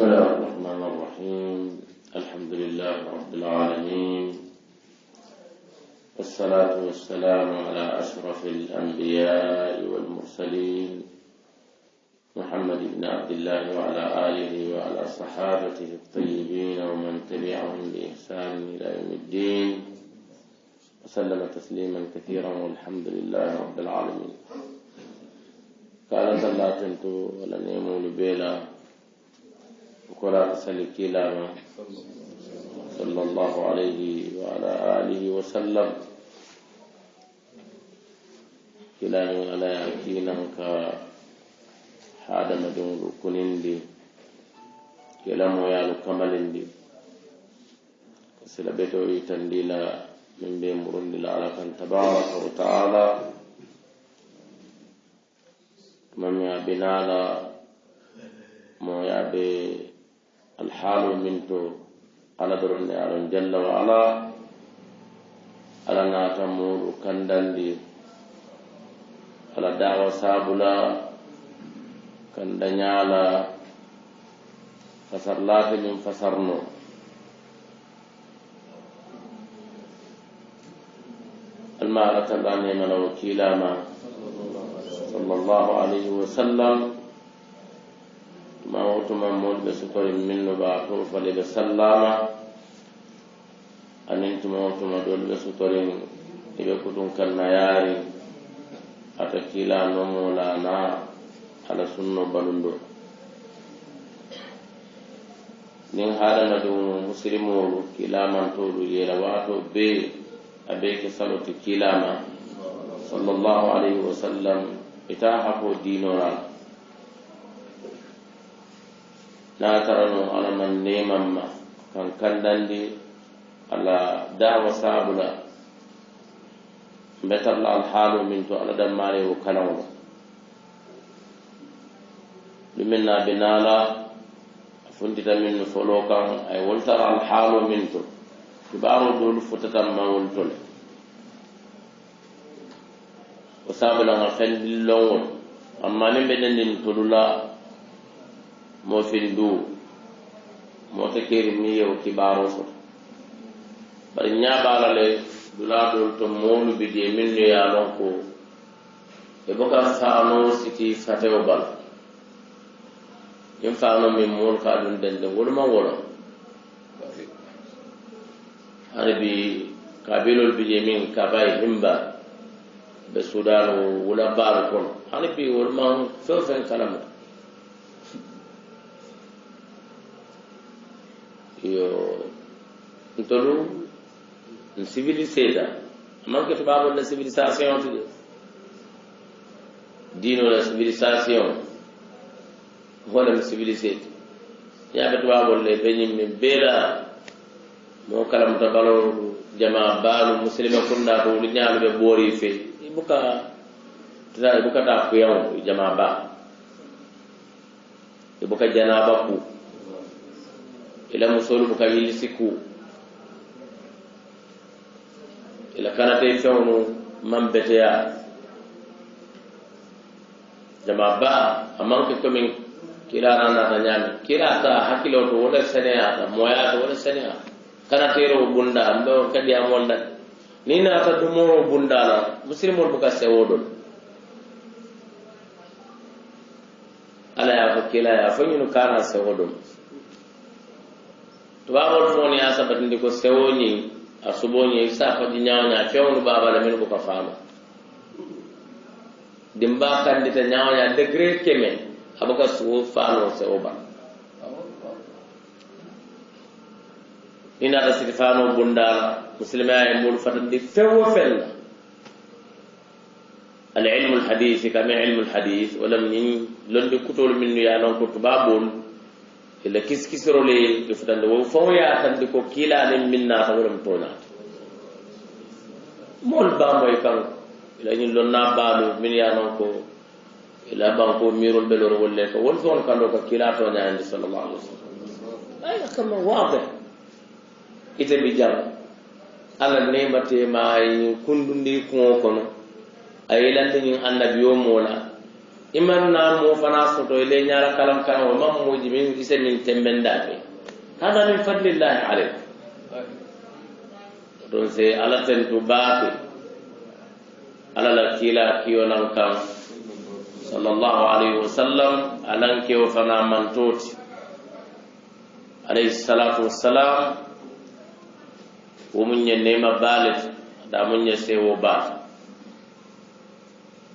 بسم الله الرحمن الرحيم الحمد لله رب العالمين والصلاة والسلام على أشرف الأنبياء والمرسلين محمد بن عبد الله وعلى آله وعلى صحابته الطيبين ومن تبعهم بإحسان إلى يوم الدين وسلم تسليما كثيرا والحمد لله رب العالمين قال صلى الله عليه وسلم وكلا سلك لما صلى الله عليه وعلى آله وسلم كلام على يقينك هذا مدن ركن دي كلام يا كمل دي سلبته تنديلا من بمرن الله تبارك وتعالى من يا بنالا mo yaɓe الحال من تو على درون على جل وعلا على ناتمور كندن دي على دعوة سابلا كندن على فسرلات من فسرنو المعركة الآن يمن وكيلا صلى الله عليه وسلم mawutuma moolu ɓe sukori minno ɓa toɓo fale ɓe sallama anin tumawutuma ɗol ɓe sukorin eɓe kutum kalna yaari ata kila nomola na ala sunno balundo nin haalana ɗum musirimolu kilamantoɗu yera wato be abeke saloti kilama sallllahu alayhi wa sallam ita e hapo dinoral natarano alaman nemanma kan kandandi ala dawa sabula betalla alhaalu min to ala dammarewo kanawno ɗumin naɓe nala funtita min no folo kan ay woltara alhaalu min to kibaro dol futatanma woltole o sabulanga fendillowol amma ni ɓe nendin tolula mo fil duu mo ta kiri mi yow ki baro so ba nya bala le dula dul to molu bi de min ne ya lon ko e boka sa no siti sa te bal yim fa no mi mol ka dun den de wol ma wol ari bi kabilul bi de min ka bay himba be sudan wala bar kon ari bi wol ma so sen kalamu yo ntolu nsivilise la amalke to babol la civilisation ti de dino la civilisation wala mi civilise ti yaɓe to babol le beñim mi bela mo kalam to balo jama balu muslime kunda to wuli ñaalu ɓe ɓoori fe ibuka tata ibuka ta kuyaw jama ba ibuka janaba ku ila musolu mu ka yili sikku ila kanatay fewnu man beteya jama ba a manke commin kirara nata ñami kirata hakkiloto wo ɗe seneyata moyata wo ɗe seneya kanatirowo bunda mbewo kadi amoldat ni nata dumoro bundana musilmol buka sewoɗol ala ya fo kila ya fo ñunu kana sewoɗol tubaabol fooni ye sabatindi ko sewooñiŋ a suboñiŋ i saa faji ñawoña feŋolu baaba la minu buka faama dimba kandita ñawoña degré keme a buka suwo faano sewo ba i naata siti faano bundaala musilimaya ye moolu fatandi fewo feŋ la alilmu lhadisi kami ilmu lhadis wo lam ñiŋ londi kutoolu minnu ye a lonko tubaaboolu illa kiskisirole ɓe fotande won fawoya tande ko kiilanen min naata wona mi townaata mool bamoye kanko ila ñin lonna baalo min yanon ko ila banko mirol ɓelor wolle ko won fewon kando ko kiila toñaande sallallahu alih wa sallam ay kamma waade ite mi jam allah nemate ma kundundi kuŋo kono a yilante ñin annabi yo moola Iman na mo fana soto ile ñara kalam kalam o man moji min kise min tembenda fe hada min fadlillahi aleyk don se ala tentu baake ala la kiila kiyonan kan sallallahu alaihi wa sallam alan kewo fana mantoti alayhi salatu wassalam womun ye nema baalet da mun ye sewo baate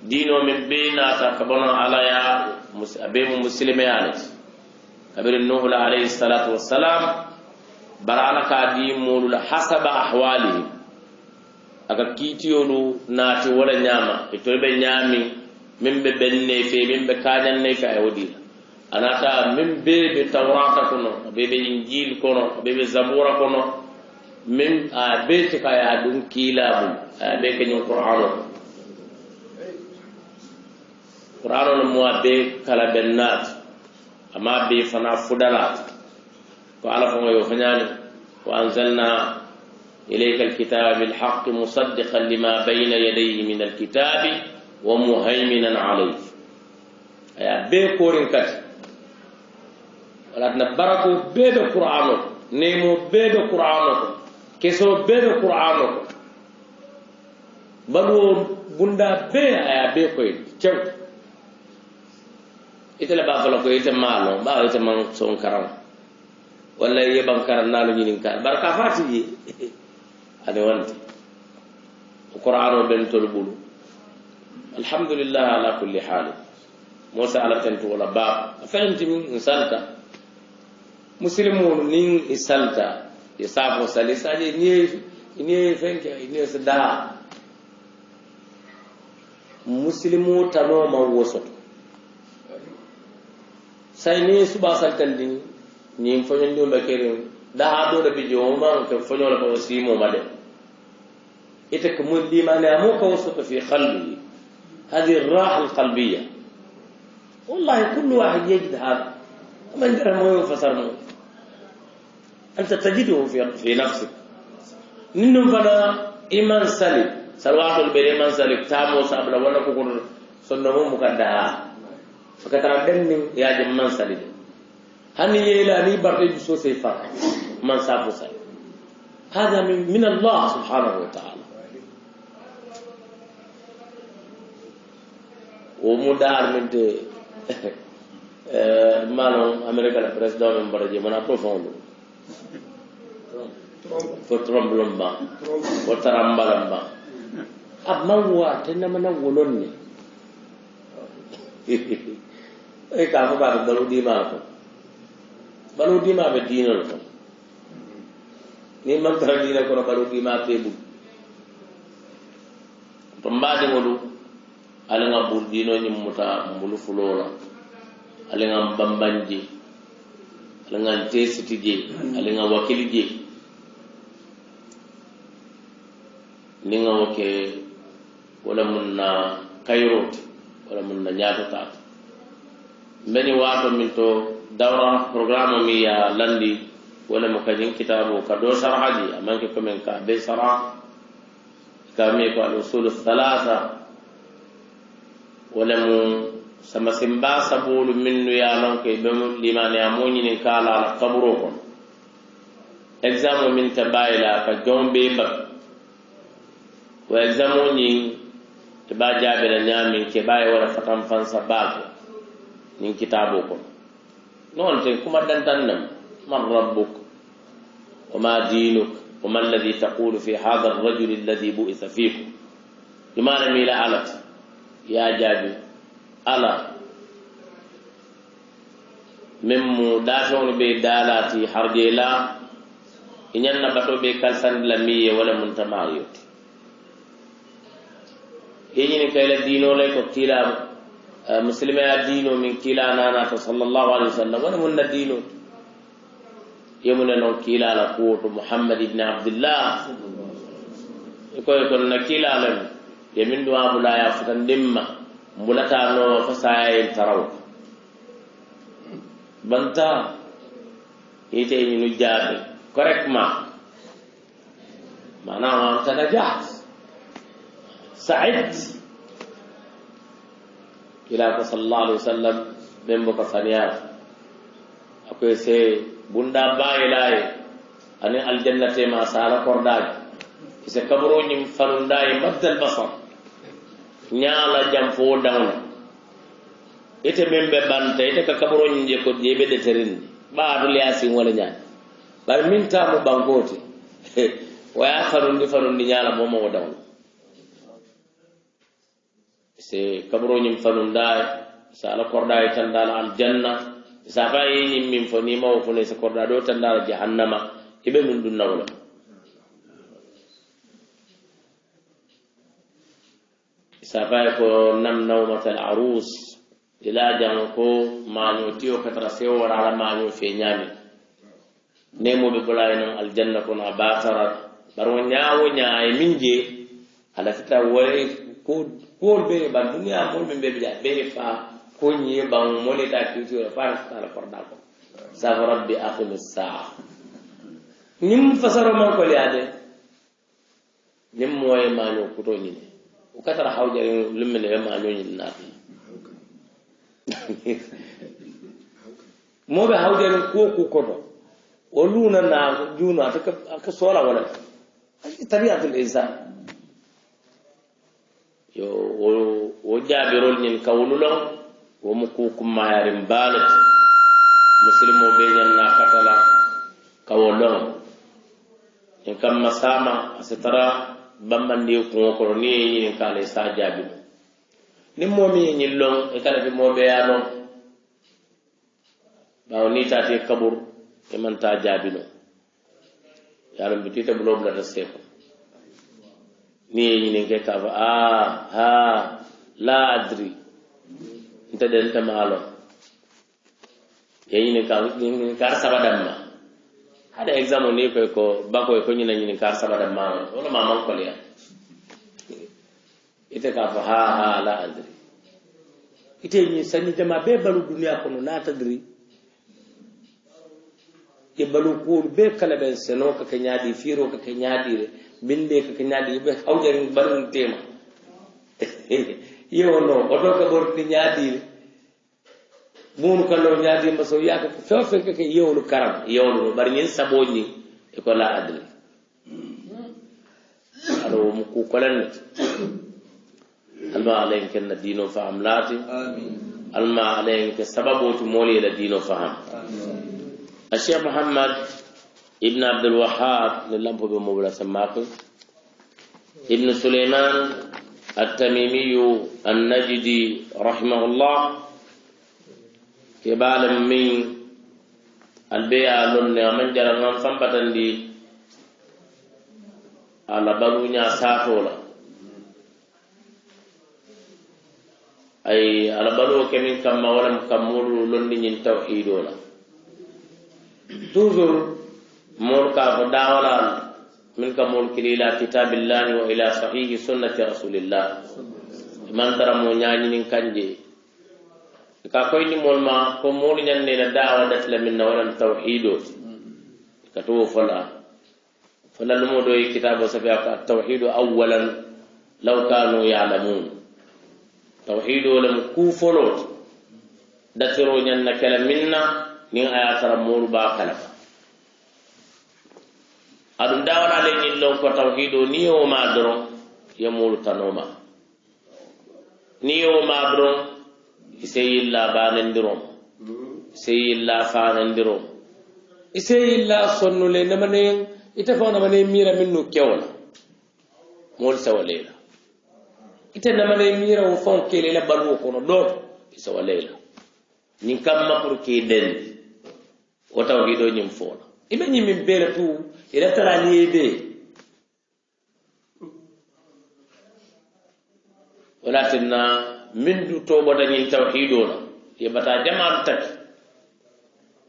diinoo min be naata ka bono ala ya be mu musilimeya le ti kabiri nuhula alayhi salatu wasalam bara ala ka di moolu la hasaba ahwalihi aka kiitiyolu naati wo le ñaama itolu e be ñaami min be bennee fee min be kaañannay fe ay wo dii la a naata min bee be tawrata kono be be injil kono be be zabura kono min a bee te ka ye a ɗum kiilaa mum aya bee keñin qur'an o ko القرآن المواد كلا بنات أما بي فنا فدرات فعرفوا يوفنان وأنزلنا إليك الكتاب بالحق مصدقا لما بين يديه من الكتاب ومهيمنا عليه أي بي كورين كت ولدنا بركو بي بقرآن نيمو بي بقرآن كسو بي بقرآن بلو بندا بي أي بي كوين تشوف itele ba fala ko ite maalo ba ite man son karam walla ye ban karam naalo ñinin kaal bara ka fati ye ani wante o qourano bentol ɓulu alhamdulillah ala culli hali mosa ala tentu wala baaba a fexenti min in salta musilmeun nin i salta i saafo sali c'est à dire ni ye ni ye fenke ni ye se daa musilmeu tanoma wosoto سيني ni suba نيم ni foñon بكيرين bakirin daha ربي جوما bijo o man ke foñon إتك ko simo made ita ko mun limane هذه الراحة القلبية والله كل واحد يجد هذا من درهم وينفسر مو أنت تجده في, في نفسك ننم فلا إيمان سليم سلوات البر إيمان سلب تامو سابلا ونكو كن سنمو مكدها فكتر أبدا يا جم من سالين هني إلى لي بردي جسوس يفر من سافو سال هذا من من الله سبحانه وتعالى ومدار من ده ما لهم أمريكا الرئيس دوم بردي من أبوفون فترامب لمبا فترامب لمبا أب ما هو أتنا من أولوني ඒ කාමපාර man දීමාක බරු දීමා වෙ දීනරක නිමන් තර දීන කර බරු දීමා තේබු පම්බාදේ වලු අලංග බුල් දීනෝ නිම් මුතා මුළු ෆුලෝලා alingan bambanje alingan tesiti je alingan wakili je nga wake wala mun na kayrot wala mun na mbeni waato min to dawra programme mi ya landi wala mo kañin kitabu ka do sarhaji amanke komin ka be sara kame ko al usulu thalatha wala mo sama simba sabulu minnu ya lon ko be limane amoñinin kala ala kaburo kon examu min tabayla ka jombe ba wa examu ñin te ba jaabira ñamin ke baye wala fatan fansa baake nin kitaaboo kono noon sen kuma dantannam man rabbuk wa ma dinuk wa ma alladi taqulu fi hada arrajuli alladi buisa fikum jumaana miila alat ya jaabi ala min mu daafeŋolu be daalaati harjeela i e ñaŋ na batoo be kalsandi la miŋ ye wo le muntamaa yo ti i ñiŋ kayi la diinoo la i ko kiilaamu مسلم يا دينو من كلا نانا صلى الله عليه وسلم وانا من دينو يمنا نو كلا نقوت محمد بن عبد الله يقول يقول نكلا لم يمن دعا بلا يفتن دمّا mbulata no fasayayel بنتا يتي من ñinu jaabi ما maanaam am tanajat said kilako sallallah alih wa sallam men boka saniya a koye se bunda baye laye ani aljannatema sara kordaji pise kabaroñim fanundaye maddal basar ñala jam fo dawna ite men ɓe banta ite ka kabaroñim je ko jeɓe de terinde ɓaatu liyasin wala ñani bar min tamo bankoti waya fanundi fanundi ñala momomo dawna se kabroñim fanunda sala korda e tandala aljanna safa e ñim min fo nimawo fone se korda ɗo tandala jahannama eɓe mum ɗum nawla safaye ko nam nawmatal arus ila jango ko maño tiyo katara sew warala maño fe ñami nemoɓe golay non aljanna kono a basarat bar o ñawo ñaye min je alasita way ko kuol be ɓe ɓan duniya kol ɓe ɓe ɓeƴa ɓe fa ko ñie ɓan moleta culture fa resetale porda ko safo rabbi akhile saa nim fasaro man ko liade nim moye maño kuto ñine o katara haw jare lummene ɓe maño ñin naati moɓe hawjani ko kukkoto o luna naago juuno ataka sola wona tabiatul insan yo wo wo jaabirol ñin kawululong womu kukumayarin baalet musilimo ɓe ñanna katala kawo long ñin kamma sama asitara bambandi kuŋo koro ni ye ñinin kaala sa jaabimu ni momi ye ñin long e kala fi moɓe ya non ɓawo ni tati kabur e manta jaabino yaalum bititabulo bulata seeko ni e ñinenke kaba a ah, ha la adri nte delte maalo yeñine kar sabadamma hade exemple ni koy ko bakoy ko ñina ñini kar sabadammamo wala ma mankoliya ite ka fo ha ha la adri ite ñi sanni jama be balu duniya kono natadri ye balu kuolu be kala ɓen seno kake ñaadi firo kake ñaadire bille ko ñaadi yimɓe hawƴari mbaɗantema yewo noon oto ka ɓorɗi ñaadiri munu kallo ma so wiyaka ko few few kake yewlu karam yewlu no ɓar ñin saɓoñi e ko la mu ku womo kukolennete alma alayen kenna diino faham laati alma alayen sababu sababoti mooli la diino faham a cheikh muhammad. ibnu abdulwahab le lampo ɓe mobola sammako ibnu suleiman altamimiyu annajidi rahimahullah keɓale min albeya lonne aman jaranan sambatandi ala baluña satola ay ala baluo kemin kamma walam kammolu londiñin tawhidola toujours مور كافو داولا من كمول إلى كتاب الله وإلى صحيح سنة رسول الله من ترى مونياني من كنجي ka koy ni mol ko mol nyan ne dawa dat la min wala tawhido ka to fala fala lumo do kitabo sabi ka tawhido awwalan law kanu ya'lamun tawhido lam ku folo datiro nyan na kala minna ni aya tara mol ba kala aɗum dawana le ñin ɗon ko tawhido ni yowoma doron yemuru tanoma ni yowoma doron isey yilla banendirom isey yilla fanendirom isey yilla sonnule namanen ite fo namane mira min nu kewla mol sawa leyla ite namane mira wo fon kelela baluwo kono ɗoto isawa leyla ñin kamma pour ke denndi o tawhido ñin fona ibe ñimmin bele tu iretara liyede walatinna min du toɓotañin tawhido na yebata jamanu taki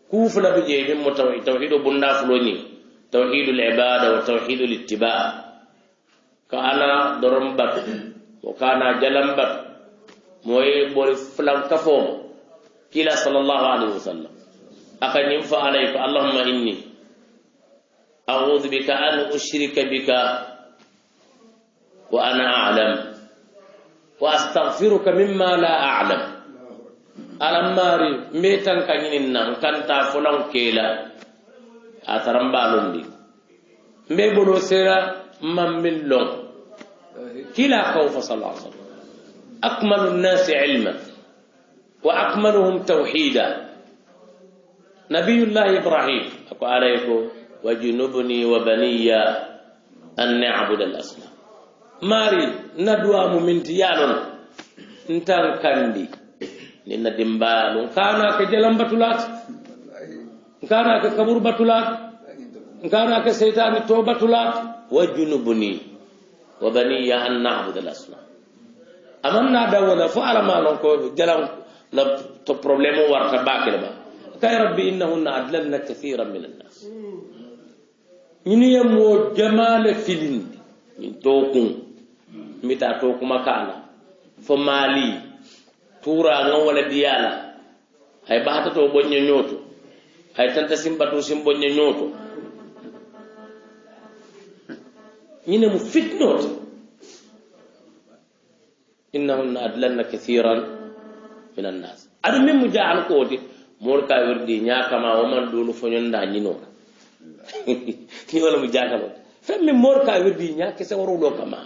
kufulabe je minmo tawhido bunda fuloñi tawhidu libada wa tawhidu littiba ka ana doron batu o kana jalan batu moye bori fulan kafomo kila sallallahu alaihi wasallam aka ñim fa alay ko allahumma inni أعوذ بك أن أشرك بك وأنا أعلم وأستغفرك مما لا أعلم ألم ماري ميتا كنيننا كنتا فلان كيلا أترم بالون بي ميبولو سيرا من ملون كلا خوف صلى الله عليه وسلم أكمل الناس علما وأكملهم توحيدا نبي الله إبراهيم أكو عليكم وجنبني وبني أن نعبد الأصنام ماري ندوى ممنتيال انت كندي لنا دمبال كانا كجلم بطلات كانا ككبور بطلات كانا كسيتان توبة بطلات وجنبني وبني أن نعبد الأصنام أمنا دونا فعلا ما نقول جلم لا بروبليم ورقة باكلة كاي ربي إنهن أدللن كثيرا من الناس miniyam wo jamale filindi min tokun mita tokuma kala fo mali turaga wala diyala hay ɓatato ɓoñe ñoto hay tanta simbatu sim ɓoñe ñoto ñine mo fitnote innahunna adlanna kathiran min annas aɗa min mo jahan kode mon ka werdi ñakama womanɗono foñonda ñinona ni wala mo jaatalo femmi morka wirdi ña kese woruɗo kama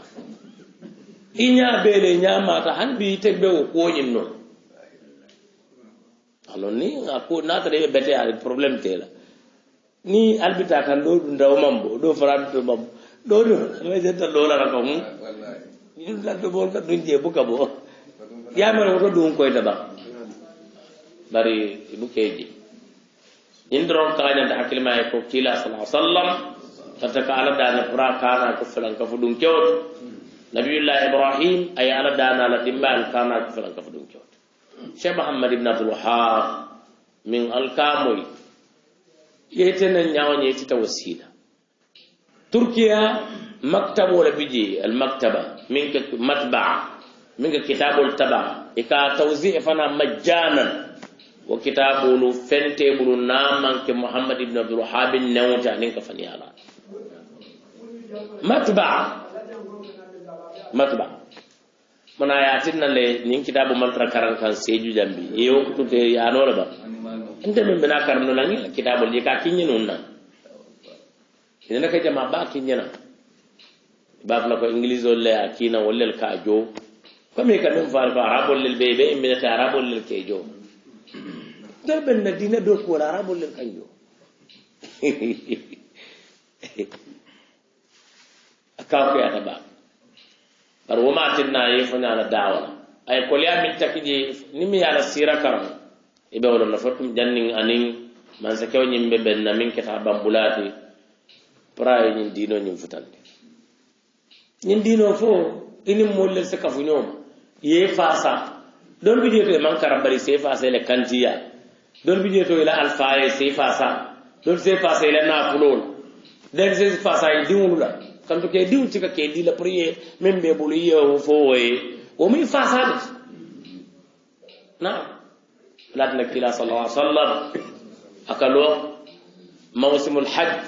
iña beele ñamata han bi tebbe o koñin noon alon ni ako natare ɓe bete ade probléme tela ni albita tan ɗo ɗum daw mambo ɗo faraɗuto mambo ɗo ɗo mesenta ɗolara kam ɗumɗaɗo bol ka ɗum jee buka bo yamere koto ɗum koyta ba bari bukeji indron kañanta hakkilma e ko kiila sala sallam tata ka ala dana fura kana ko felan ka fo ɗum kewto nabiyullah ibrahim ay ala dana ala dimbe al kana ko felan ka fo ɗum kewto cheikh mahamad ibne abdoulwahab min alkamoy yeytenen ñawañe tita wasila turkiya maktabo la bije al maktaba min ka matbaa min ka kitabul taba e ka tawzi fana majjanan wo kitabolu fentebulu namanke mouhammad ibne abdulwahabi newta nin ka faniyala matba matba mana yatinna le nin kitabu maltra karan kan seju jambi yewokutute yanole ba inte min bena karamno nanila kitabol je ka kiñeni un na inena ka jama ba kiñena bafla ko englise o le a kiina wollel ka jo comme kamin fare ko arabollel ɓe ɓe minete arabollel ke joo derɓen na dina do kuwol arabollen kanjo a kankoyata ba par womatinna yi fo ñana dawala ay koliya min takiji ni mi yala sira karam ibe wolo no fotum jannin anin mansa kew ñim be ben na min kita bambulati praye ñin dino ñin futande ñin dino fo ini molle se kafu ñoma ye sa. dol bi jeto man karambari sefa sele kantiya dol bi jeto ila alfa e sefa sa dol sefa sa ila nafulol den sefa sa diwula kanto ke diw tika ke di la priye membe bulu yo fo e o mi fa sa na latna kila sallallahu alaihi wasallam akalo موسم الحج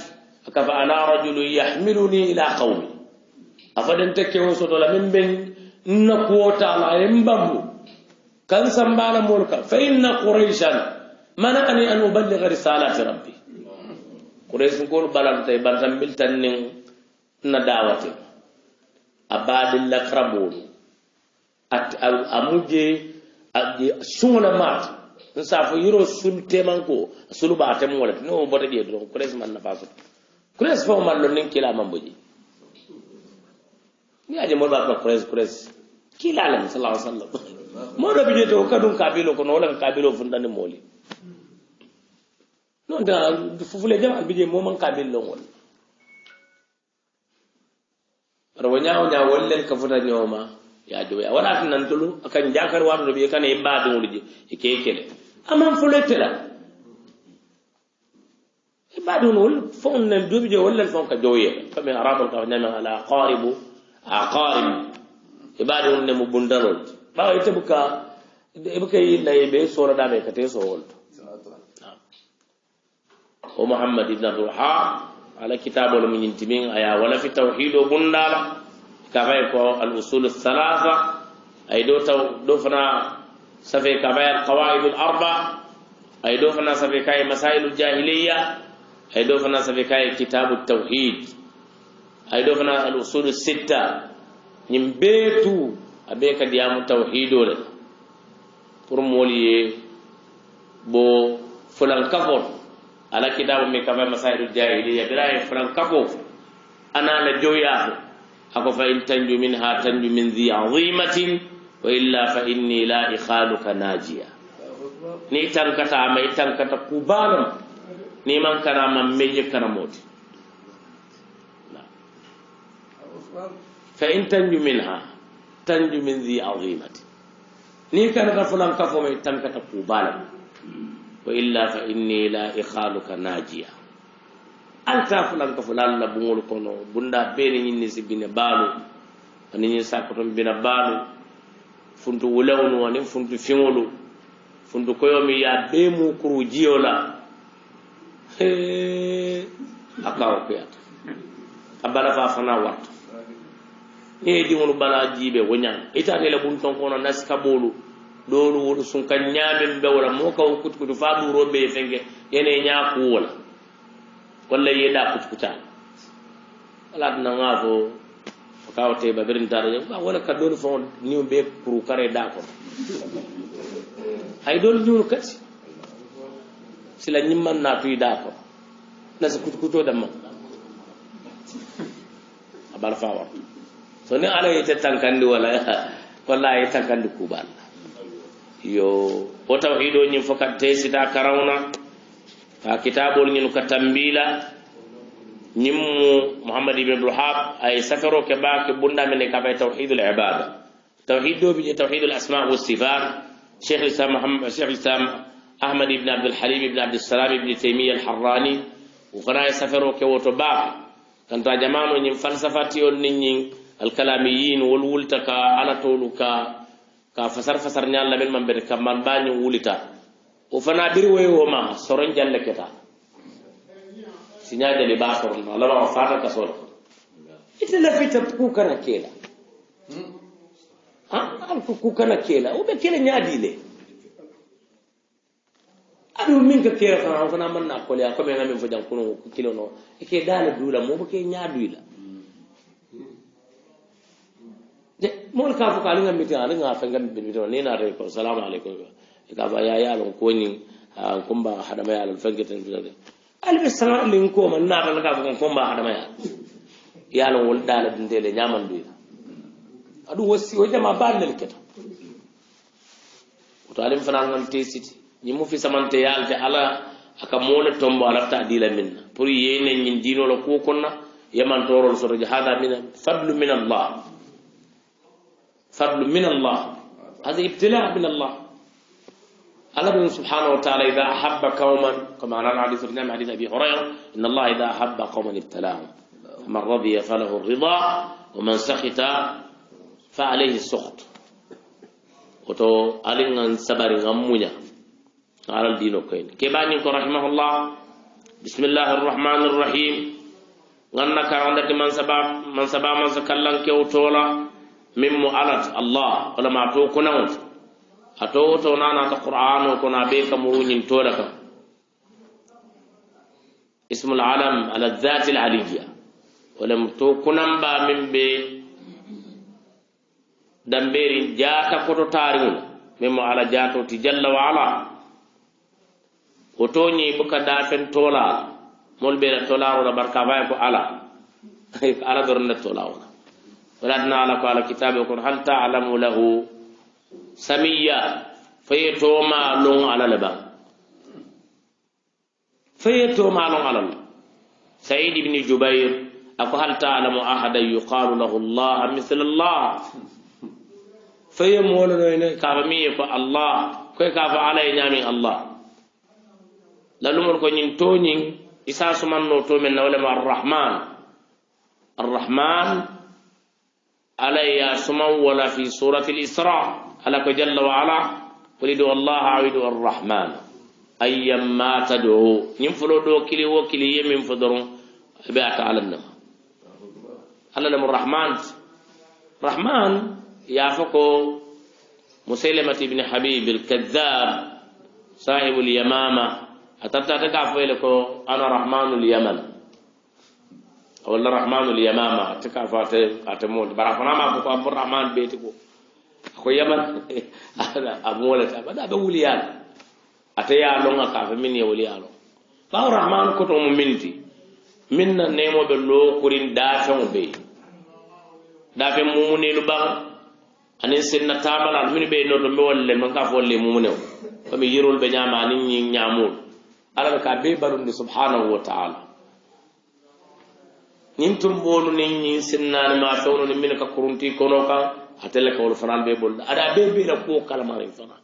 فأنا رجل يحملني إلى قومي أفدن تكي وسط لمن بين نكوة على ينبمو كان سنبالا مولك فإن قريشا منعني أن أبلغ رسالة ربي قريش نقول بلانتي بلانتي بلتنين ندعوتي أباد الله أموجي أجي سونا مات نسافو يرو سون تيمانكو سلوبة أتم ولد نو بوري دي درون قريش من نفاسو قريش فهو من لنين كلا من بجي ni aje mo ba ko kures kures kila alam sallallahu alaihi wasallam moɗo ɓe jeyte ka dun kabilo ko wala lan kabilo funɗani moli no da fufule jam albije moman kabil longol ara wo ñaawo ñaa wollel ka fota nyoma ya wala a nan tulu akan jakar wato ɗo ɓe kana e mbaadiŋolu je e kekele aman folo tela e mbaadiŋolu wol fon do bi je wollel fon ka fa comme arabol ka nyama ala qaribu aqarib e mbaadiŋolu ne mo bundarol bawo ite buka ibuka yi laye be sora da be kate so wolto o muhammad ibn abdulha ala kitabol mu ñinti min aya wala fi tawhid o bundala ka fay ko al usul thalatha ay do taw do fana safe ka fay al qawaid al arba ay do fana safe kay masail al jahiliya ay do fana safe kay kitab al tawhid ay do fana al usul sitta ñim betu abe ka diyamu tawhido le pour moolu ye bo fulankafo ala kitabu min kama masahilu jahiliya bira ye fulankafo ana la joyaahu ako fa in tanju minha tanju min dhi azimatin wa illa fa inni la ikhaluka najiya ni tankata ama i tankata ni man kana meje kanamoti fa in tanju tanju min di aimati ni kanata fulankafome tankata kubala wa illa fa inni la ihaluka najiya alta fulankafo lalla bugol kono bunda beni ñinni sibine baalu ani ñin sakkoton bina baalu funtu wulewnu ani funtu fiŋolu funtu koyomi ya bee mu kuru jiyola a kawo kuyata a bala fa fana warta ni ye diŋolu bala jiibe wo ñaŋ itane le bunton na nasika boolu doolu wolu sun ñaameŋ be wo la moo kutukutu faa duuroo be ye yene ye ñaa wala wo la walla ye daa kutukutaa fo o ka wo tee babirin ba wala ka doolu faŋo niŋ be kuru kare da kono ay kati sila damma a bala so ala yete tankandi wala walla yete tankandi kuuba yo wo tawhido ñin fokat kad teysita karawna ka kitabol ñinu ka tambila ñin mu mouhamad ibne ay safaro ke ba ke bunda mene ka bay tawhidul ibada tawhid bi tawhidul asma wa sifat cheikh lislam mohamad cheikh lislam ahmad ibne abdoulhalim ibne abdussalam ibne taymia alharrani wo fana ye safero ke woto ba kanto a jamano ñin falsafatiol nin ñin alkalamiyin wol wulta ka alatolu ka ka fasar fasar ñal lamen man bete kamman bañin wulita o fana biri woye woma soron jalle keta siñajali ba soron alama o fata ka sora ite lafita kukana kela alko kukana kela o ɓe kela ñaadile aɗum min ka kera fana o fana manna kolya comme ngamin fo jam kuno kilono eke dala dula mobo ke ñaaduyla mol ka fo ka alinga mitin alinga bin mitin ne na re ko salamu alaikum ka fa ya ya lon ko ni an kumba hadama ya lon fenga tan filan albe salamu min ko man na ran ka fo kumba hadama ya ya lon wol dala din dele nyaman do adu wasi o jama ba lel keta o to alim fana ngam te siti ni mu fi samante ya alta ala aka mole tombo alafta dila minna pour yene nyin dino lo ko konna yaman torol so hada min fadlu min allah فضل من الله هذا ابتلاء من الله الله سبحانه وتعالى إذا أحب قوما كما على الحديث الإمام حديث أبي هريرة إن الله إذا أحب قوما ابتلاهم فمن رضي فله الرضا ومن سخط فعليه السخط وتو ألين سبر غمونا على الدين كين كباني رحمه الله بسم الله الرحمن الرحيم غنك عندك من سبا من سبا من سكلن كوتولا min mu alat allah wala ma to kunawo a to na na ta qur'ano kuna be kamuru nyin to ka ismul alam ala dhati al aliyya wala to kunan ba min be damberi jata koto taringu min mu ala jato ti jalla wa ala woto ñi buka dafen tola mol be tola wala barka bay ko ala ala doron na tola wala ولاتنا على قال كتاب يقول هل تعلم له سميا ما لون على لبا فيتو ما لون على لبا سيد بن جبير أقول هل تعلم أحدا يقال له الله مثل الله فيم مولنا هنا فالله مية الله كوي كافة على ينامي الله لالمر كونين تونين إساس من نوتو من الرحمن الرحمن علي يا سمو ولا في سورة الإسراء ألك جل وعلا ولد الله عيد الرحمن أيما تدعو ينفلو دو كلي وكلي يم فدرون بأك على النم على النم الرحمن رحمن يا فكو مسلمة بن حبيب الكذاب صاحب اليمامة أتبتا تكافي لكو أنا رحمن اليمن walla rahmanul yamama te ka fa te ate mool bara fana ma ko abdourahman beeti ko ko yaman a ta bada aɓe wuliyala ate ya longa ka fe min ye wuliyalo ɓaw rahman to mu minti min na nemoɓe lookurin daafeŋo mu daafe lu ba ani sinna min be no noto mbe wolle man ka fo wolle ne ko yirol ɓe ñama ni ñiŋ ñamulu ala ka be barundi subhanahu wa taala Nin tumboonu niŋ ñiŋ sinnaani maa feŋolu niŋ minnu ka kurunti kono kaŋ ate ka wol fanaŋ be bolu ada be be bee ko kuwo kalamariŋ fana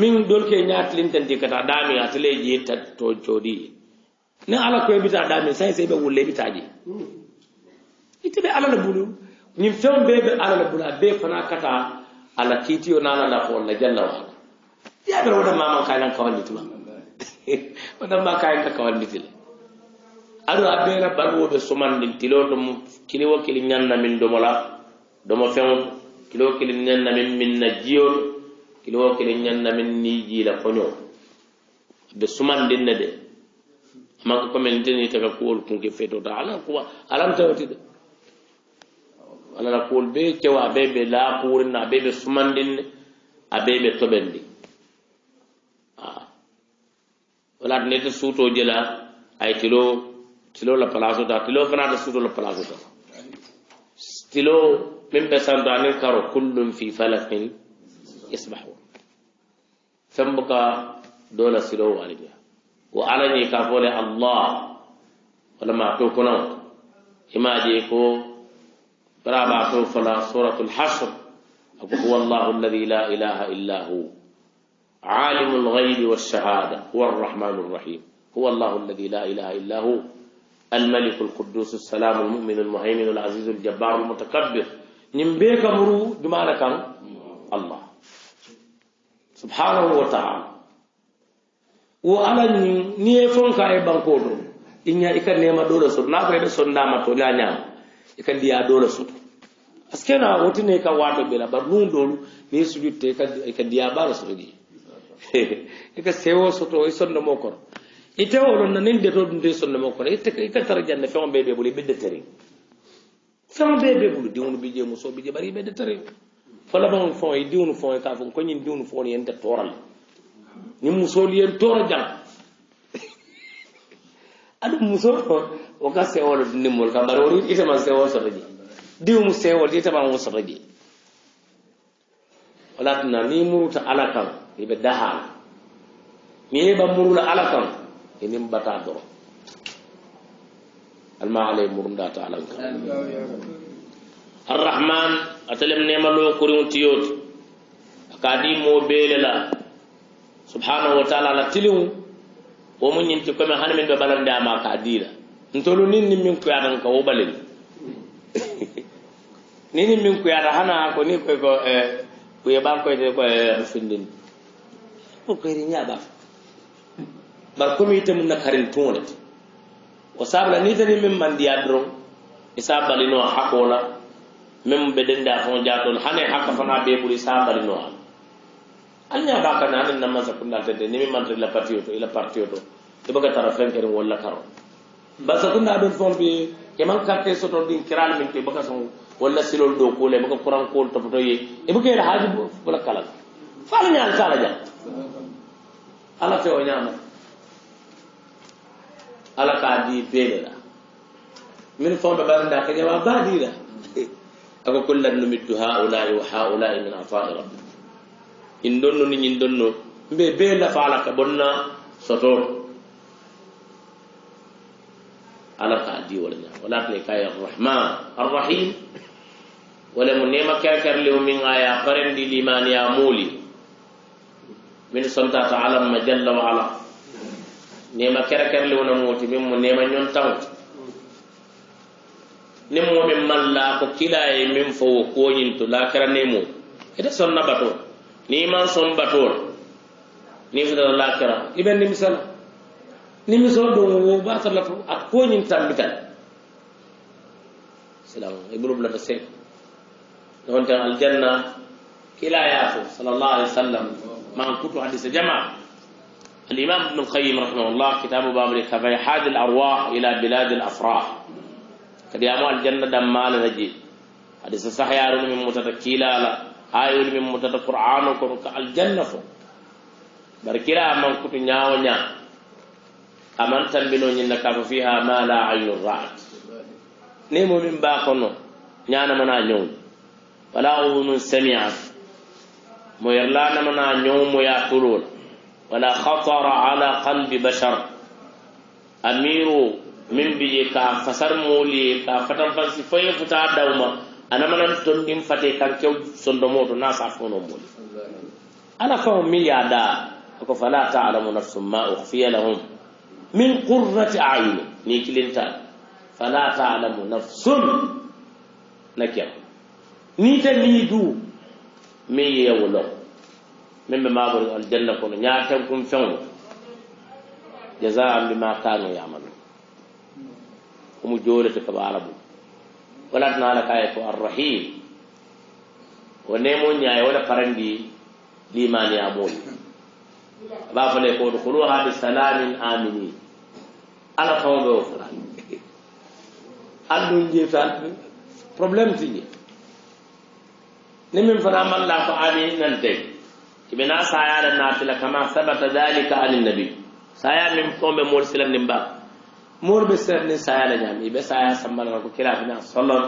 min dolu ke ñaa tilintanti ka taa daamiŋ ate le jee ta to jodi ye ala ko i bi ta daamiŋ i be wolle i bi taa je ite be ala bulu ñiŋ feŋ be be ala le bulu be bee kata ala kiti yo nana naana lafoolu la jalla be wona mama kayan kaañaŋ kawanditi ma wona dammaa kayan ka kawanditi aɗo a ɓeera barwoɓe sumanndi kilo ɗum kili wo kili ñannamin domola domo feŋo kilo kili ñannamin min na jiyol kili wo kili ñannamin ni jiila koño ɓe sumanndin ne de amaka commen teni taka kuwol kunke fetota ala kuwa alam tawtide alala kuwol ɓe cewa aɓe ɓe laakuurinna aɓe ɓe sumanndin ne aɓe ɓe toɓenndi wala ta nete suutoo jela ay kilo tilo la palaaso da tilo fana da suto la palaaso da tilo min be santo anin karo kullum fi falakin yasbahun fen buka dola silo walibiya wo ala ñi ka fole allah walama to kono imaje ko برابع توفلا سورة الحشر أقول هو الله الذي لا إله إلا هو عالم الغيب والشهادة هو الرحمن الرحيم هو الله الذي لا إله إلا هو الملك القدوس السلام المؤمن المهيمن العزيز الجبار المتكبر نمبيك مرو بمعنى كان الله سبحانه وتعالى وعلى فون كاي بانكو بانكودو إنيا إكا نيما دولا سود ناكرا سود ناما تولا نيام إكا ديا دولا سود askena wotine ka wato bela bar nun dolu ni sujudte ka ka diya bara sujudi ka sewo soto اي sonno mo kono itewo ɗon nanin de to ɗum de sonno makko ne itte ika tara janne fewo be ɓe ɓuuli ɓedde tari fewo be ɓe ɓuuli diwnu bi jeemu so ɓije ɓari ɓedde tari fola ɓon fon e diwnu fon e kafon koñin diwnu fon yente toral ni musoli yen toro jam aɗum muso woka sewolo nimmol kam bari wori itema sewo soto ji diwmu sewol itema mo soto ji walatina ni muruta ala kan yiɓe dahala mi heɓa murula ala kan inin bata doro alma alay murum da ta alanka arrahman atalem nema lo kurin tiyot akadi mo belela subhanahu wa ta'ala la tilin wo mun yinti ko men hanmin be balande ama ka dira ntolu nin nin min ko yaran ka wo balin nin min ko yara hana ko ni ko ko e ko e eh, ko de ko e findin ko ko ri nya ba bar komi ite mun na karin tuŋo le ti wo sabula niŋ ite niŋ miŋ mandiya doroŋ i se a balinoo hakoo la meŋ be dendaa faŋo jaatoo la hani haka fanaa bee bulu i se a balinoo a la ali ñaa baa kana aniŋ na mansa kundaal tete niŋ miŋ mantara i la patio to i la to to i tara feŋ keriŋ wala karo ba sa kunna doolu fon bi ke man karte so to din miŋ min i buka soŋ wala silol do ko le la i ko to to ye e buka i la haaji fo la kala la fo ali ñaa ali se la jaŋ ala ألا كادي بيلا من فهم ببارن داخل يوا بادي لا أكو كل نمد هؤلاء وهؤلاء من عطاء رب إن دونو نين دونو بي بيلا فعلك بنا سطور على قادي ولا ولا ولكن كاي الرحمن الرحيم ولم نيما كاكر لهم من آية قرن دي لمان يا مولي من سنتا تعلم مجل وعلق nema kerekerle wona moti min mo nema ñontaŋo nin mo min malla ko kila ye min fo wo koñinto lakera nemo ite sonna bato ni man son batol ni fitata lakera ibe nimisala nimiso do wo batala to a koñin tambital silam ibnublata sek nonten aljanna kila ya fo sallallahu alayhi wa sallam man kutu hadise jama'a الإمام ابن القيم رحمه الله كتابه باب الخفايا حاد الأرواح إلى بلاد الأفراح كدي أمو الجنة دمال نجي حديث صحيح أرون آية من متتكيلا لا آي أرون من متتك قرآن وكرك الجنة فو بركلا أمان كنت نعا ونعا أمان تنبنو ننك فيها ما لا عين رأت نيمو من باقنو نعنا منا نعون ولا أظن سمعت مو يرلا نعنا نعون مو wala khatara ala qalbi bashar amiru min bi ka fasar moli ka fatan fansi fayo futa dawma anamanan ton dim fate kan kew sondo moto na sa fono moli ala fa miliyada ko fala ta'lamu nafsun ma ukhfiya lahum min qurrati a'yun ni kilinta fala ta'lamu nafsun nakiya ni ta ni du me yewlo min ɓe maɓoɗo aljanna kono ñaaten kum feŋo jasaan bima kanu yamalu omo joolete kaɓa ala bum walatna ala kaye ko arrahim o nemo ñaaye wala parandi limaniyamoolu aɓa fale ko udkhuluha bisalamin aminin ala fawo ɓe o fala anɗum jeeta probléme tije ni min fana malla ko amin nan tawi كمنا سايا الناتل كما ثبت ذلك عن النبي سايا من فوم مول سلم نبا مول بسر ني سايا لجام يبي سايا سمال ركو كلا فينا صلى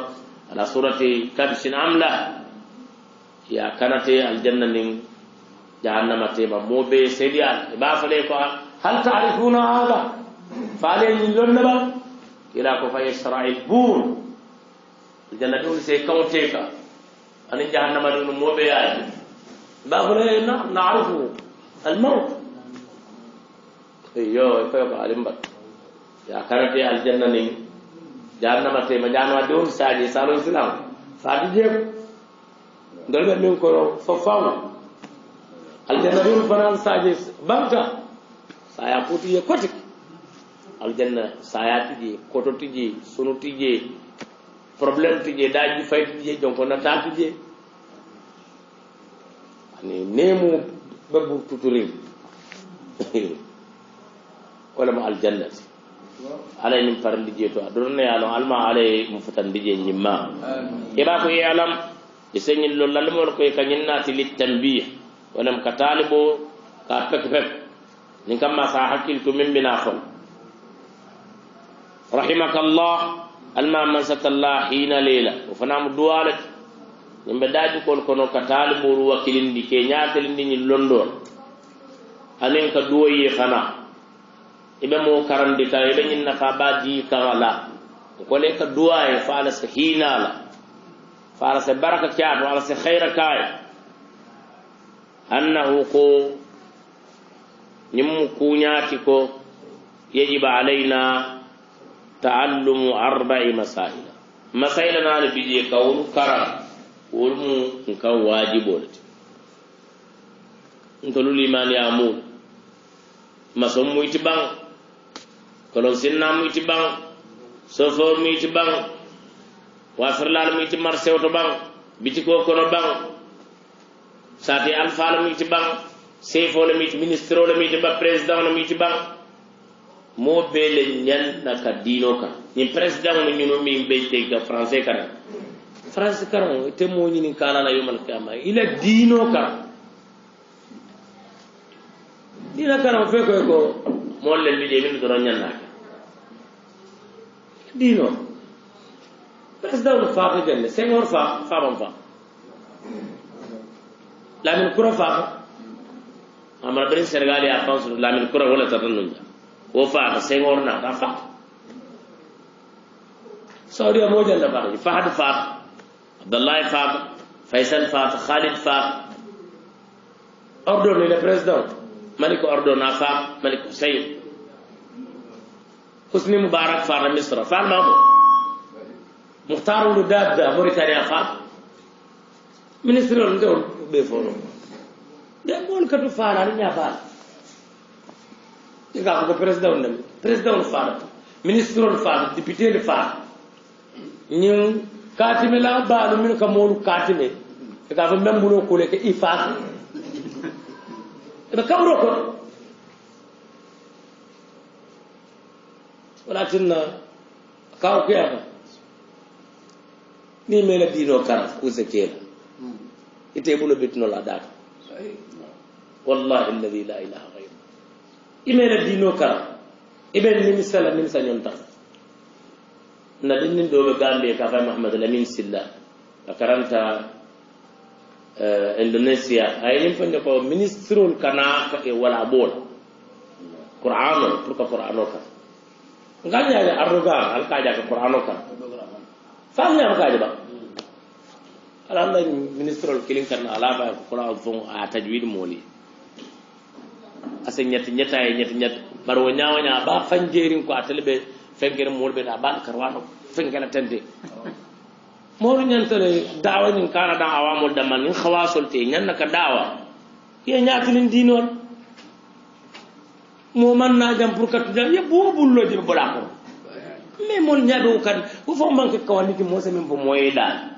على سورة كبش عملة يا كانت الجنة من جهنم تيبا مو بي سيديا يبا فليكو هل تعرفون هذا فعليه يلون نبا كلا كفا يشرعبون الجنة تقول سيكون تيكا أن جهنم دون مو بياجي bahulena narifu almaut eyo fegaba alim bat ya karate aljanna ni jannama tema jannama de on saaji salo islam saaji jeb dolbe min koro fo faw aljanna dum fanan saaji banka saya puti ye kotik aljanna saya tiji koto tiji sunu tiji probleme tiji daaji fayti je jonko na taati je ni nemu babu tutulin wala ma aljannati alay nim farandi je to adonna ya lon alma alay mu futandi je nyimma e ba ko yalam e senyin lo lalmo ko e kanyinati lit tanbih wala ka talibo ka pek pek ni kam ma sa hakil to min bina khol rahimakallah alma man satallah hina layla wa fanam duwalat yimɓe daajukol kono ka taalimoru wakkilindi ke ñaatelindi ñin londoon anin ka duwoyi xana iɓe mo karandi ta iɓe ñin nafa ba dii kaŋala kole ka duwaye fo ala se hiinala fo ala se baraka kaato ala se xeyra kaye annahu ko ñim mu kuñaati ko yejiba alayna taallumu arbai masaila masaila naani bijee kawolu karaŋ wolmu nka waajiboleti ntolulu imani amuu masonmu iti baŋ kolonsinnamu iti baŋ sofomu iti baŋ wafirlalmu iti marsewoto baŋ bitiko kono baŋ sati alfalo mu iti baŋ sefo lemu iti ministre lemu iti ba président lemu iti baŋ mo be le ñan na ka diino kaŋ ñiŋ président mu ñunu miŋ be jeg ka français kana faransi karaŋo ite moo ñiniŋ ka ala la yomal kiyama i la diinoo karaŋ diina karaŋo fee koye ko moolu le bi jee minnu doroŋ ñaŋ naa ke diinoo présidawolu faaka jenne seŋor faa faaman faa lamin kura faaka amara beriŋ senegal ye a faŋ soto lamin kura wo le tata nuŋ ja wo faaka seŋor naata faaka saudiya moja nda faaka faaka faaka Abdallah Fab, Faisal Fab, Xaalid Fab. Ordonne le président. Malik ordonna Fab, Malik Hussein. Husni Mubarak Fab, Misra. Fab Mahmoud. Mukhtar Uludad, Mauritania Fab. Ministre on don be fono. De bon katu fara ni nyafa. Ika ko president dem. President fara. Ministre on fara, député le fara. katime la baalu min ka moolu katime e ka fo men bulo kule ke ifas ebe kawro ko na kaw kuyama ni mela dino kara kuse kela ite bulo bitno la data wallahi alladhi la ilaha ghayru imela dino kara ibe nimisala nimisa nyontaka na dinnin do be gambe ka fa muhammad lamin silla a karanta eh, indonesia ay nim fanya ko ministrol kana ka e wala bol qur'an pour ka qur'an ka nganya ya arroga al ka ja ka qur'an ka fa ya ka ja ba ala Allah ministrol kilin kan ala ba qur'an fon a tajwid moli asen nyati nyata nyati nyata barwo nyawanya ba fanjerin ko atalbe fenkene mo be da baal karwaano fenkene tente moolu ñantale daawa ñin kaana dan da man nin khawasul te ñanna naka daawa ye ñaatinin diinol mo man na jam pour kat jam ye bo bola ko mais ñado kan bu fo man ke kawani ki mo se min bo moy da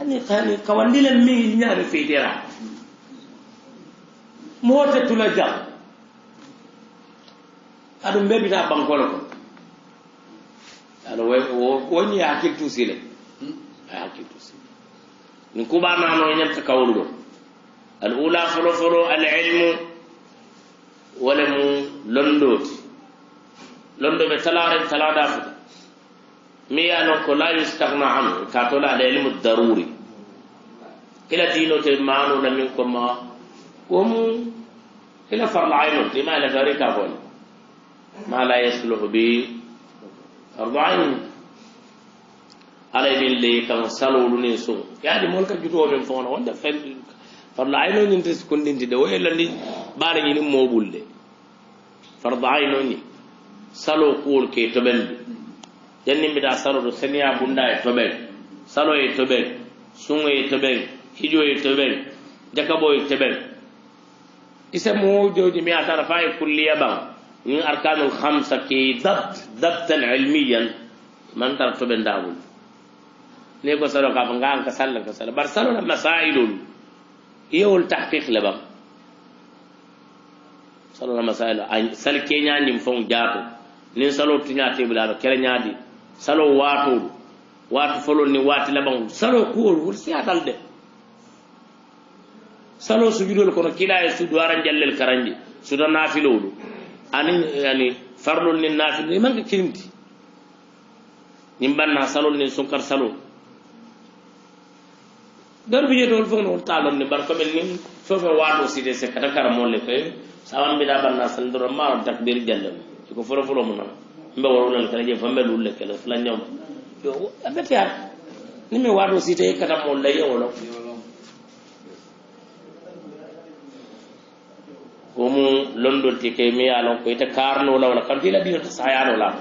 ani tani kawandi len mi ñaare fi dira mo te la jam adu bankolo ko ano woni ya hakkil tuusile a hakkil tuusile min kuɓamano e ñamta kawol ɗo al ula folo folo al ilmu wole mu londoti londo ɓe talaren talada futa mi yano ko la yustagna anu ka tola al ilmu daruri ila dinote manona min ko ma womu ila farla aynol ima ila tari ka fole ma la yasluhu bi arbain alay min ley kan salolu nin son yaani molka jutowo min fona wonde farda ayno nin tes kondinti de woyella ndi ɓaare ñini moɓulde farda ayno ni salo kuwol ke toɓel du jannimbita salo to senia bunda e toɓel salo e toɓel sungo e toɓel hijo e toɓel jakaɓo e toɓel ise mo jooji mi a tara fa e kulliya ɓang Ni arka nuka hamsa ke yi daban daban yin cilmi na yan manta na toben dawulu, naye ko kafa ngaɗan ka sala kafa, bari salo na masa a yi dole, iyawal tafafi laban, salo na masa a yi nya jinfon jato, ni salo tunya tebulawa kala nya ɗi, salo wato, wati folon, ni wati laban, salo kowar wuro siya talde, su yi dole kuma gida su Dora Jalle Karanje, su da na ani yani farlun lin nafil ni manke kilimti ñin banna salol nin sunkar salu dar bi jetol fo non talon ni bar ko men ni fofe wado side se kata mo le fe salam bi da banna sal dor ma takbir jallem ko foro foro mo na mbe woro lan kala je fambe lul le kala flan ñom yo abetiar ni mi wado site kata mo le yo lo womu londol ti ke mi alon ko ite karnola wala kam tila dinota sayanola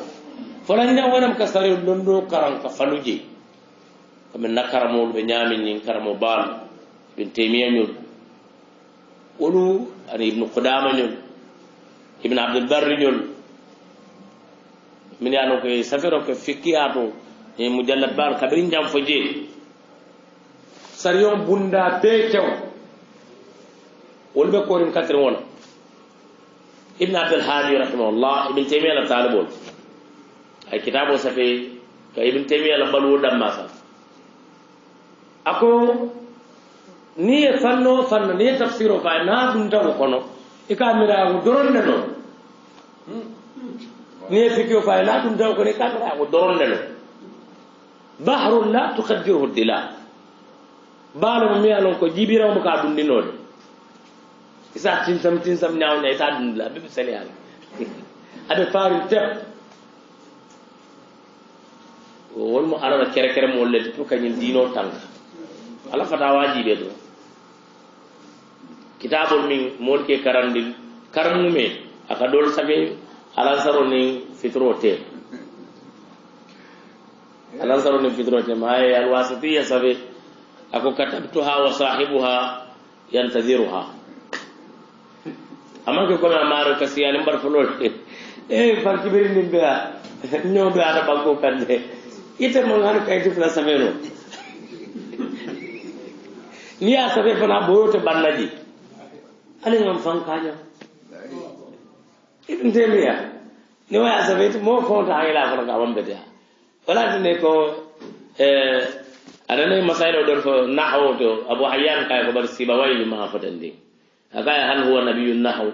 folanjam wonam ka sare londo karan ka faluje kamin na karamol ɓe ñamin ñin karamo baalo ɓin temiyañol wolu ani ibnu kudamañol ibne abdulbarriñol min yalon koye safiro ko fikkiya to e mujallat baalo kaɓirin jam fo je sariyon bunda be tew wolɓe korin katirin wona ابن عبد الهادي رحمه الله ابن تيمية لا طالبون أي كتابه سفي كابن تيمية لا بلو دم مثلا أكو نية فنو فنو نية تفسير فاينا دون تبو كنو إكامرا ودرون لنو نية فكيو فاينا دون تبو كنو إكامرا ودرون لنو بحر لا تقدره الدلاء بالو ميالون كو جيبيرا مكا دون دينو دي sa tinsam tinsam ñawna sa dundula bebe céléal aɓe faari tep wonmo arana kere kere mo lete pour kañin diino tanka ala fata wajiɓe ɗo kitabol min mool ke karandi karamume aka ɗol sabe alansaro ni fitro te alansaro ni fitro te maye alwasitiya sabe ako katabtuha wa sahibuha yantadiruha amake comme a maaro kasiyani mbar fulol e eh, far kibiri nin mbeya ñoo mbe ata banko kadde ite mogano kayti fula safe no ni a safe fana ɓoyote ɓannaji ani ngam fankaño iɗum temiya ni waya safe ti mo fonta hayla fono ka wambetea wala tine ko eh, aɗanayi masayla o ɗon fo nahwoto abou hayyan kay ko mbaɗa siiba wayli ma fotandi أقال هل هو نبي نحو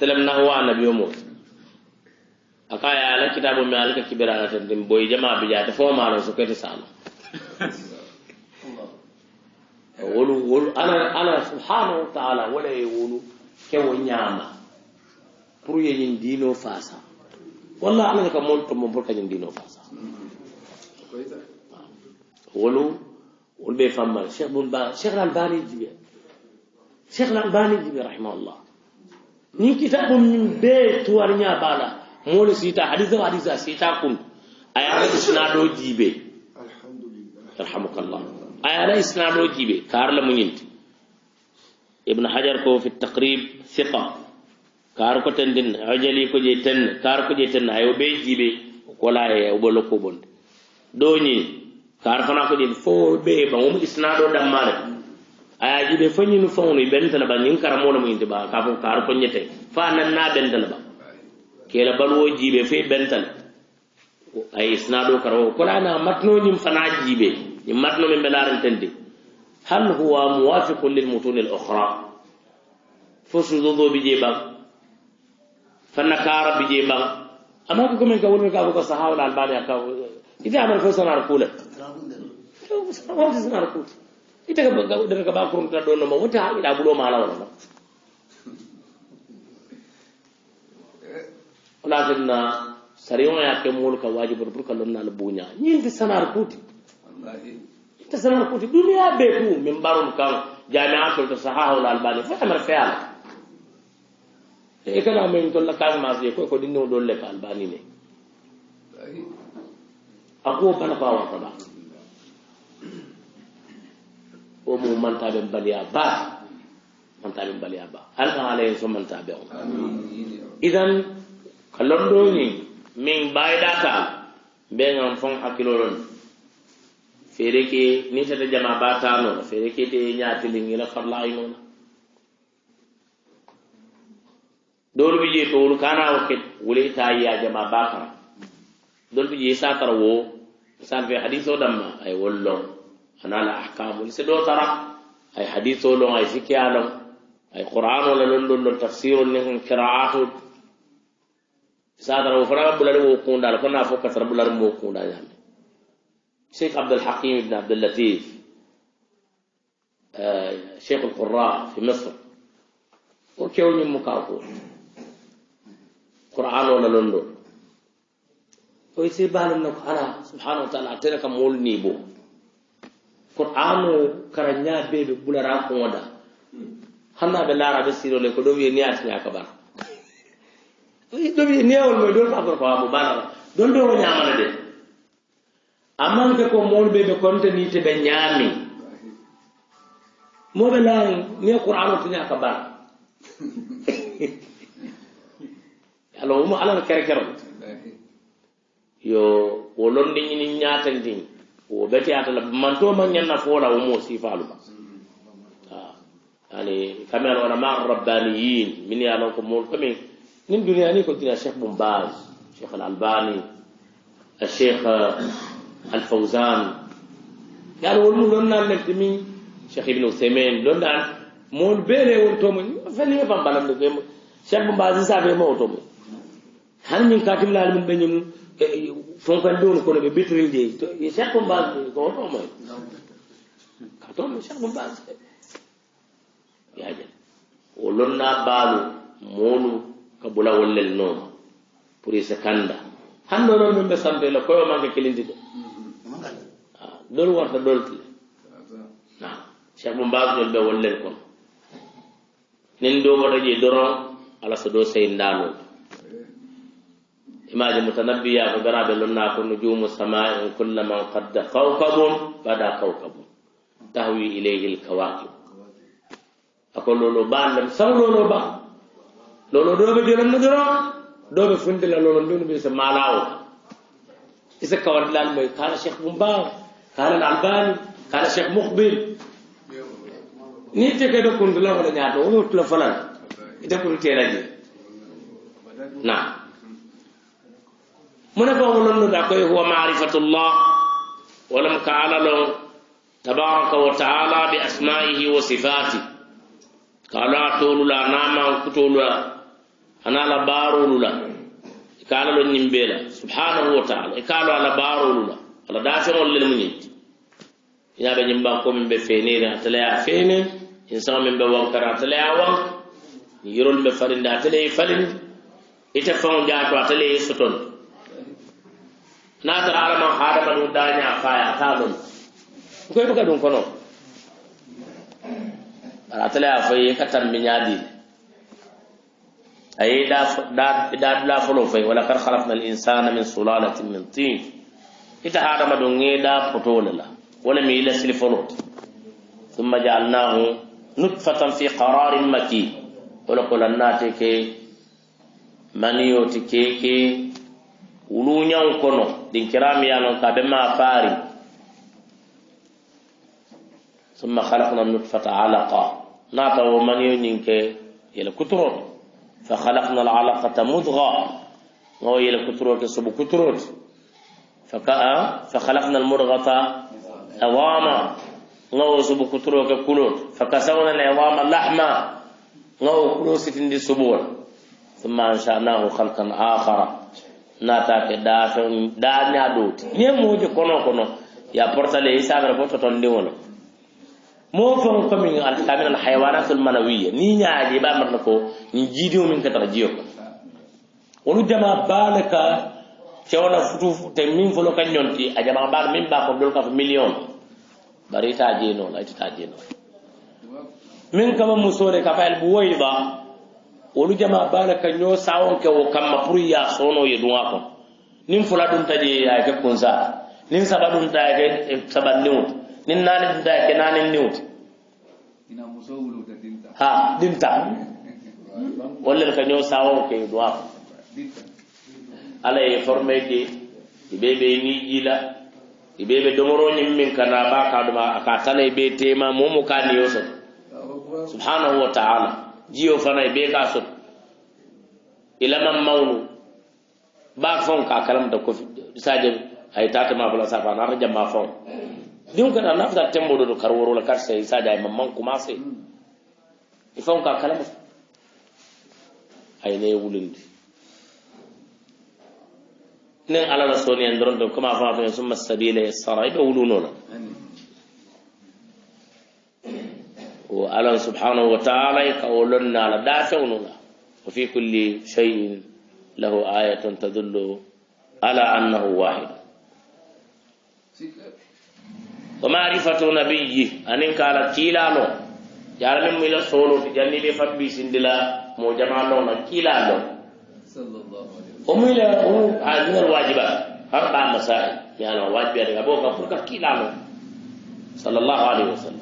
سلم نحو عن نبي موسى أقال على كتاب من عليك كبير على سنتين بوي جماعة بجات فوما على سكت سالو ولو ولو أنا أنا سبحانه وتعالى ولا يقولوا كيو نعمة pour ye ñin diino أنا walla ala ka moolu tombo pour ka ñin diino faasa wolu wolu ɓe fammal cheikh bun ba cheikh al bani jibe شيخ الألباني رحمه الله ني كتاب من بيت ورنيا بالا مول سيتا حديث وحديث سيتا كن أيانا إسنادو جيبي الحمد لله رحمك الله أيانا إسنادو جيبي كارل منينت ابن حجر كو في التقريب ثقة كاركو تندن عجلي كو جي تن كو جي تن أيو بي جيبي ولا وبلو كو كوبون دوني كارفنا كو جي فو بي بموم إسنادو دمارك aya jibe fo ñinu faŋolu i bentala ba ñiŋ karamoo lemu inti ba ka fo kaari ko ñete fa nan na bentala ba kela baluwo jibe fo i bentala ay sinado karawo kola na matno ñiŋ fana jibe ñiŋ matno meŋ be laarintenti hal huwa muwafiqun lilmutuni lokhra fo sudodo bi je baŋ fanna kaara bi je baŋ amma ko komin ka wol min ka fo ko sahawol albani a ka ite amal fo sanar kuula sanar kuula ita ga ga dere ga bakurun kurunta ɗon noma wata ida bulo ma na ona walatinna sariyon ya ke mul ka wajibu burka ka na al bunya nyinti sanar kuti ta sanar kuti duniya be ku min barum kan ta tasahahu al albani fa amar fa e kana men to la kan sai ko ko dinno dolle ka albani ne ako bana pa wa ba o mu mantaɓe baliya ba mantaɓe baliya ba alla alayhi so mantaɓe o idan ka lordoni min bayiɗaka be gam fon hakkiloɗon fereke ni tete jama batano fereke te ñatilingila farlaynona dolbi je towolu kana waket wule ta yiya jama ba kan dolbi je satara wo sanfe hadiso damma ay wollong خنا لا أحكام ولي سدو ترى أي حديث ولا أي فكية علم أي قرآن ولا لون لون تفسير ولا كراءة سادة وفرا بلا موكون دار كنا فوق كسر بلا موكون دار يعني شيخ عبد الحكيم بن عبد اللطيف شيخ القراء في مصر وكيو من مكافور قرآن ولا لون لون ويسير بالنا على سبحانه وتعالى تلك مول نيبو kon aano kara ñaabeɓe bulara kooda hanna ɓe laaraɓe sirole ko ɗo wiye niyatiña ka bara ɗo wiye niyawol moy ɗon fagoro ko wamo bara ɗon ɗo o ñamana de amanke ko molɓe ɓe contanite ɓe ñaami moɓe laari niya qouran o tiña ka bara alo umo alan kere kero yo wo londiñini ñaatandiñi وبتي أتلا من توما ينن فولا وموسي فالما آه. يعني كما أنا مع الربانيين مني أنا كمول كمين من الدنيا ني يعني كنت الشيخ بومباز الشيخ الألباني الشيخ آه، الفوزان قالوا يعني له لنا نعم لك مين الشيخ ابن عثيمين لنا نعم. مول بيري ونتوما فلي يبقى بلا الشيخ بومباز يسافر موتوما هل من كاتب لها من بينهم E, e, fonfanton kono ɓe bitrinde e circumbase kotoma katoɓe circumbase yaja o lonna baalu molu ka bulawollel noon pour se kanda hanno noon min ɓe sambela koyo manga kelindi ko ah, ɗol warta ɗolti na circumbase ɗol ɓe wollel kono nin ɗo waɗaƴi doron alasa ɗo sey ndanoɓe imaji mutanabbi ya ko garaɓe lonna ko nujumu sama in kullaman qadda kawkabum bada kawkabum tahwi ilayhi lkawakib ako lolo ba ndem saw lolo ba lolo ɗoɓe jolonno doro ɗoɓe fundila lolo ndunu ɓe so mala o isa kawadlal moy kala cheikh bumbaw kala l albani kala cheikh mukbil ni teke ɗo kundula wala ñato wono tula falan ite kunu telaji na mune ko wolonnuda koye huwa marifatullah wolam ka alalon tabaraka wa taala bi asmaihi wa sifati kaala tolula naman kutolula anala barolula ka alalon nimbela subhanahu wa taala e kaalo ala barolula ala dafeŋollel muñeti yaɓe ñimba ko min ɓe fenire atalaya fene insan min ɓe wankara atalaya wanka yirol ɓe falinde atalaye falinde ite faŋ jato atalaye sotonde ناصر عالم هذا من الدنيا فايا ثالون بكرة بكرة دون كنو براتلا في كتر مينادي أي دا دا دا لا فلو في ولا كر خلفنا الإنسان من سلالة من طين إذا هذا ما دون يدا بطول لا ولا ميلا سلفلوت ثم جعلناه نطفة في قرار مكي ولقول الناتي كي مانيوتي كي كي wulu ñaŋo kono ɗin kirami ye lon ka be ma faari summa khalaqna nutfata alaqa naata wo man ñiŋ ke yele kuturo fa khalaqna alaqata mudgha wa yele kutro ke subu fa ti fa khalaqna almurghata awama ŋo subu kutro ke kulo fa kasawna alawama lahma ŋo kulo sitindi subuwo la ثم أنشأناه خلقا آخر da na daña ne niye muuje kono kono ya portale isamere ton toton wono mo fon ko min al al manawiyya ni ba ɓa marata ko jidi o min ketata jiyo wolu jama balaka ka cewna futu te min folo ka a jama bar min ba ko dol ka fo million bari ta jeno la ta jeno min kama musore ka fa al woyda wolu jama bala ka ño sawon ke o kama puru ya sono ye duŋa kono niŋ fula dun ta je ya ke kunsa niŋ saba dun ta ke eh, saba ti niŋ naani dun ta ke naaniŋ niŋo ti ha din dinta wolle ka ño sawon ke ye duŋa kono ala ye forme ke ibe be ni jila ibe be domoro ñiŋ miŋ kana ba ka duma aka tala ibe tema momo ka niyo soto subhanahu wa ta'ala jiyo fana bai ka soto ilaman mawnu baa faŋo ka a kalamta kofi sadio a ye taata maa fula safa na naata jamma faŋo diŋo kana naa fisa tembo do do kari woro la kari sayi sadio a ye mamman commencé i faŋo ka a kalama a ye nee wulindi niŋ ala la sooniyaŋ doroŋ to comme fa faŋa fo ye summa sabila yassara i be wulunoo la وألن سبحانه وتعالى كولنا على داسوننا وفي كل شيء له آية تدل على أنه واحد ومعرفة نبيه أن قال كيلالو جعل من ملا صولو في جنة لفت سندلا موجمالونا كيلالو يعني صلى الله عليه وسلم وملا هم هذه الواجبات أربع مسائل يعني يعني أبوك فرقة كيلالو صلى الله عليه وسلم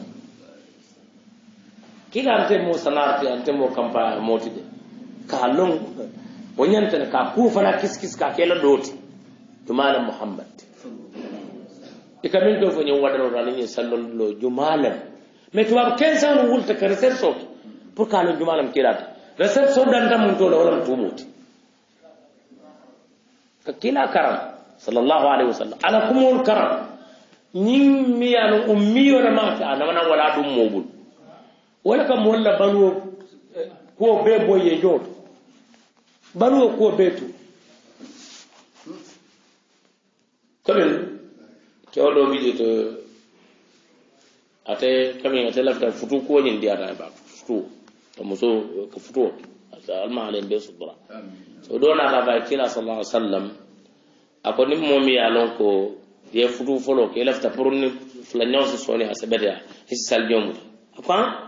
Kii kila ante mo sanarti ante mo kampa moti de ka long o nyantene ka ku fana kiskis ka kela doti jumala muhammad e kamin do fo nyen wadaro ran nyen sallon lo jumala me to ab kensa no wulta ka reset so pour ka lo jumala kila reset so dan dam to lo wala tumoti ka kila karam sallallahu alaihi wasallam ala kumul karam nyin miyanu ummiyo na ma ta na wana wala dum mobul wala ka moolu la baluwo eh, kuwo bee boy ye joo to baluwo kuwo bee tu komin kewo ɗo ɓiɗi to ate kamin ate lafita futu kuwo ñin ndiyata ba futuwo to muso ko futuwo alma alen be sutura so ɗo naata ba kila sallah sallam ako nin momi ye lon ko ye futu folo ko ye lafita pour ni fula ñawsi sooni a seɓeteya hisi saljomuta ako an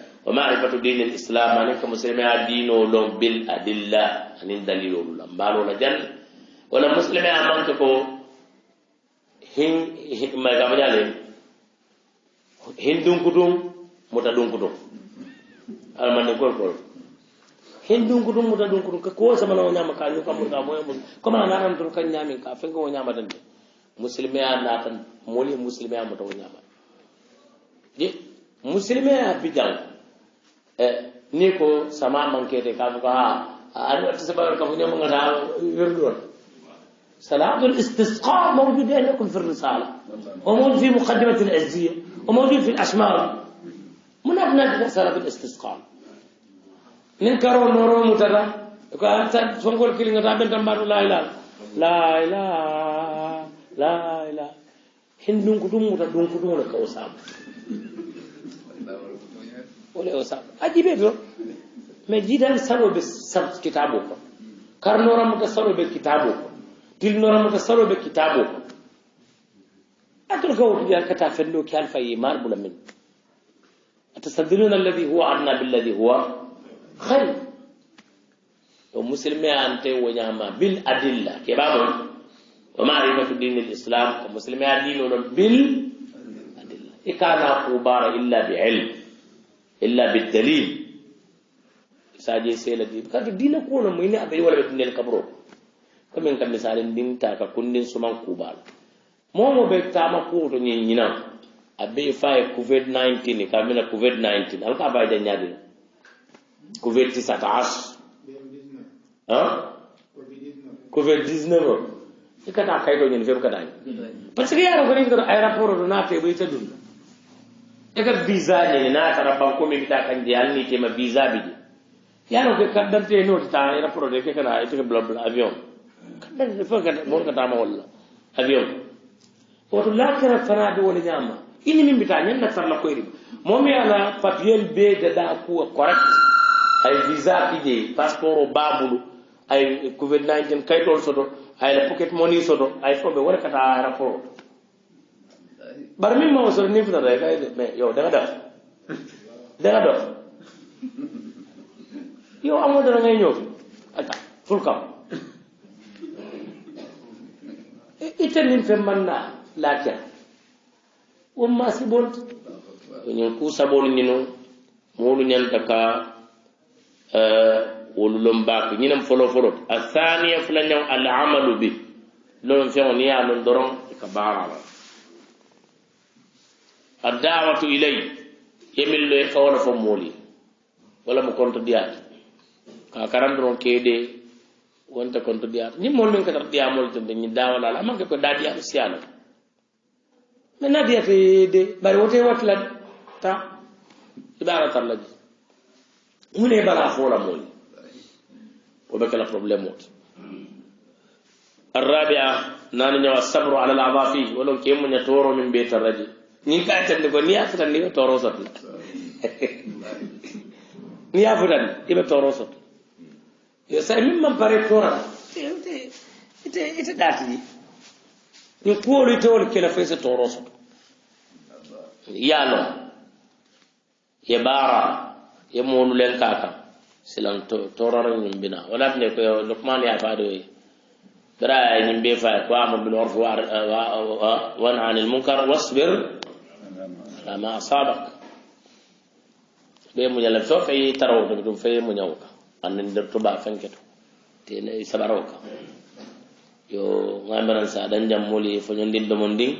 wa marifatu dini lislam anin ka muslimé a dinoo lon bil adilla anin dalilolu la mbaalola jan wala muslimé a manke ko hin magama ñale hin dunkutum muta dunkutum almandi kol kol hin dunkutum muta dunkutum kakowo samanao ñama ka ñuka mur ka moye mu comme a natan tor kan ñamin ka fenke wo ñamatan de muslimé a natan moni muslimé a muta wo ñama di muslimé a bijanga Eh, ni sama ka صلاة الاستسقاء موجودة لكم في الرسالة وموجود في مقدمة العزية وموجود في الأشمار من أبناء صلاة الاستسقاء من كارو نورو متدا أنت تفنقول كلمة تابن لا إله لا إله لا إله هندون كتوم متدون كتوم لك وسام ولي سام أجيب دور ما جيدا سلو بس كتابه كارنورا متسلو بكتابه تلنورا متسلو بكتابه أتركه كتاف كتافلو كان في مار بلا من أتصدقون الذي هو عنا بالذي هو خير مسلم أنت ونعم بالأدلة كبابا ومعرفة دين الإسلام ومسلمي أدين بالأدلة إكانا كبار إلا بعلم illa bi dalil saje selati kato dina kuno mo ini aɓe wala ɓe tundel kabro komin kam misalin ndin taka kundin suman kubal momo ɓe tama kuwoto ñin ñinan aɓe faye covid 19 e Ka kamina covid 19 alka da ñadi covid 19 covid 19 ikata kayto ñin feɓ katañi par ce que yaro koni kata aéroport to naate ta ɗum egar visa ñene na tara banko mi bita kanje alni tema visa bidi yano ke kaddante no ta era projet ke kana ite ke bla bla avion kaddante fo ka mon ka tama walla avion wato lakira fana bi wala nyama ini min bita nyen na tarla ko iri momi ala papier B da da ko e correct ay visa bidi passeport babulu ay covid 19 kaytol soto ay pocket money soto ay fobe wala kata aéroport bari min e, ma sɔrɔ ni fana da i ka ye mɛ yɔ daga daga daga dɔ yɔ an ko dana ŋa ɲɔ ata ful kam ite nin fɛn man na lafiya o ma si bon nin ku sabol ɲinu moolu ñanta ka wolu e, lon baako ñinam folo folo a thaniya fula ñaŋ al amalu bi lon feŋo ni ye a lon doroŋ e ka baara la addawatu ilay yemillo e kawono fo mooli wala mo konto diyaat ka karanndu noon keede wonta konto diyaat ñim mool min katata diyamol tende ñi dawalala amanke koye da diyaato siyano mais na diyata de bari wote wattilad ta ibara tarlaji mune bala hoola mooli o ɓe kala probléme oto arrabia nani ñawa sabru ala l'aba fi walon ke mo ñatooro min mbiyetarradi ni ka ko ni afutan ni toro sot ni afutan toro sot yo min man ite ite ni ko ri to ke la toro sot yalo ye bara ye monu len kaka silan tororo ñum bina wala ko lukman ya faado yi bara be fa ko amul bil urf wa wan wasbir ما أصابك بيمو من يلم سوف أي تروك بدون في منيوك أن ندر تبع فنكتو تين سبروك يو غامرا سعدان جمولي فنندين دموندين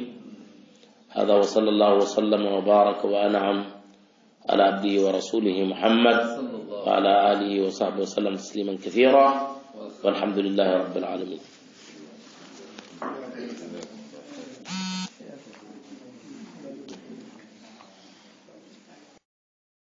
هذا وصلى الله وسلم وبارك وأنعم على عبده ورسوله محمد وعلى آله وصحبه وسلم تسليما كثيرا والحمد لله رب العالمين